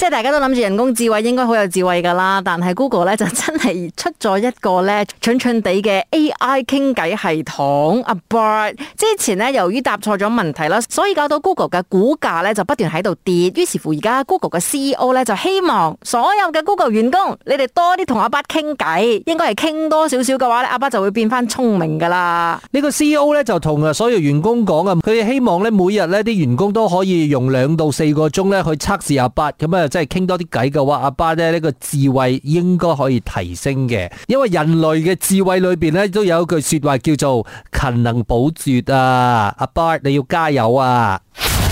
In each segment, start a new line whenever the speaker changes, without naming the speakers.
即係大家都諗住人工智慧應該好有智慧噶啦，但係 Google 咧，就真係出咗一個咧蠢蠢地嘅 AI 傾偈系統阿 Bard。之前咧由於答錯咗問題啦，所以搞到 Google 嘅股價咧就不斷喺度跌。於是乎而家 Google 嘅 CEO 咧就希望所有嘅 Google 員工，你哋多啲同阿 Bard 傾偈，應該係傾多少少嘅話咧，阿 Bard 就會變翻聰明噶啦。
呢個 CEO 咧就同所有員工講啊，佢哋希望咧每日咧啲員工都可以用兩到四個鐘咧去測試阿 Bard 咁啊。即係傾多啲偈嘅話，阿爸咧呢個智慧應該可以提升嘅，因為人類嘅智慧裏邊咧都有一句說話叫做勤能補拙啊！阿爸你要加油啊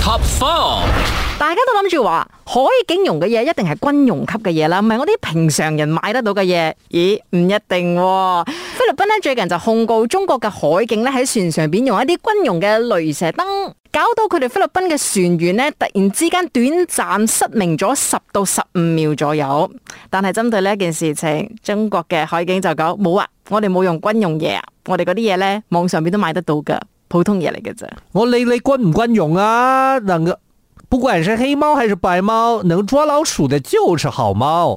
！Top four，大家都諗住話，海警用嘅嘢一定係軍用級嘅嘢啦，唔係我啲平常人買得到嘅嘢。咦，唔一定啊。菲律賓咧最近就控告中國嘅海警咧喺船上邊用一啲軍用嘅鐳射燈。搞到佢哋菲律賓嘅船員呢，突然之間短暫失明咗十到十五秒左右。但係針對呢件事情，中國嘅海警就講冇啊，我哋冇用軍用嘢啊，我哋嗰啲嘢呢，網上邊都買得到噶，普通嘢嚟嘅咋。我理你軍
唔軍用啊，兩個。不管是黑貓還是白貓，能捉老鼠的，就是好貓。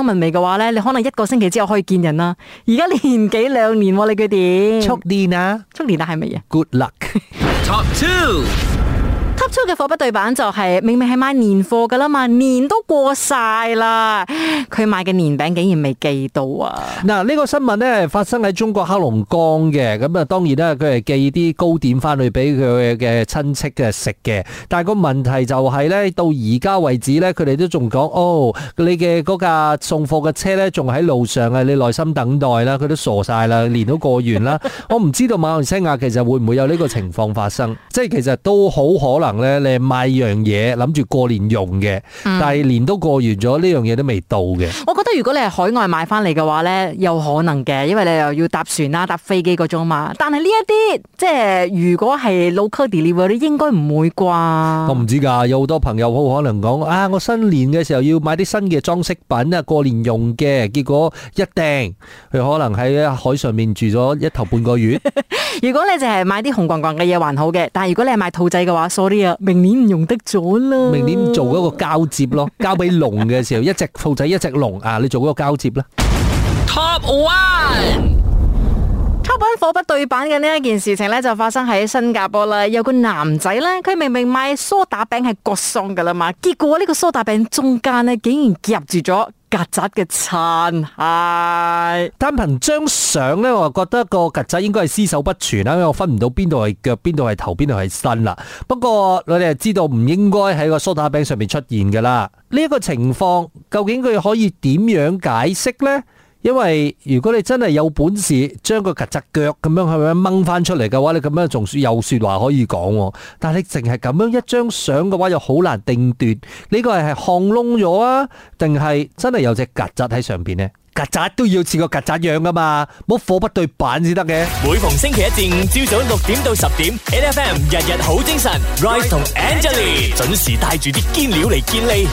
紋眉嘅話咧，你可能一個星期之後可以見人啦。而家年幾兩年、啊，你佢點？觸電啊！觸電啦，係咪？嘢
？Good luck。 Top two。
急出嘅貨不對版就係，明明係買年貨噶啦嘛，年都過晒啦，佢買嘅年餅竟然未寄到啊！嗱，呢個新聞呢，發
生喺中國黑龍江嘅，咁啊當然啦，佢係寄啲糕點翻去俾佢嘅親戚嘅食嘅，但係個問題就係、是、呢，到而家為止呢，佢哋都仲講，哦，你嘅嗰架送貨嘅車呢，仲喺路上啊，你耐心等待啦，佢都傻晒啦，年都過完啦， 我唔知道馬來西亞其實會唔會有呢個情況發生，即係其實都好可能。咧，你係買樣嘢諗住過年用嘅，但係年都過完咗，呢樣嘢都未到嘅。
我覺得如果你係海外買翻嚟嘅話咧，有可能嘅，因為你又要搭船啦、搭飛機嗰種嘛。但係呢一啲，即係如果係 local delivery，你應該唔會啩。我
唔知噶，有好多朋友好可能講啊，我新年嘅時候要買啲新嘅裝飾品啊，過年用嘅，結果一定佢可能喺海上面住咗一頭半個月。
如果你淨係買啲紅滾滾嘅嘢還好嘅，但係如果你係買兔仔嘅話，sorry 啊，明年唔用得咗啦。明年做一個交接咯， 交俾龍
嘅時候，一隻兔仔，一隻龍啊，你做一個交接啦。
Top one，產品貨不對版嘅呢一件事情呢，就發生喺新加坡啦。有個男仔呢，佢明明買梳打餅係割鬆噶啦嘛，結果呢個梳打餅中間呢，竟然夾住咗。曱甴嘅殘骸，單、哎、憑張
相呢，我覺得個曱甴應該係屍首不全啦，因為我分唔到邊度係腳，邊度係頭，邊度係身啦。不過我哋係知道唔應該喺個梳打餅上面出現噶啦。呢、這、一個情況究竟佢可以點樣解釋呢？因為如果你真係有本事將個曱甴腳咁樣去咁樣掹翻出嚟嘅話，你咁樣仲有說話可以講。但係你淨係咁樣一張相嘅話，又好難定斷呢個係係炕窿咗啊，定係真係有隻曱甴喺上邊呢？曱甴都要似個曱甴樣噶嘛，冇貨不對版先得嘅。每逢星期一至五朝早六點到十點，N F M 日日好精神，Rise 同 Angelina 準時帶住啲堅料嚟健力。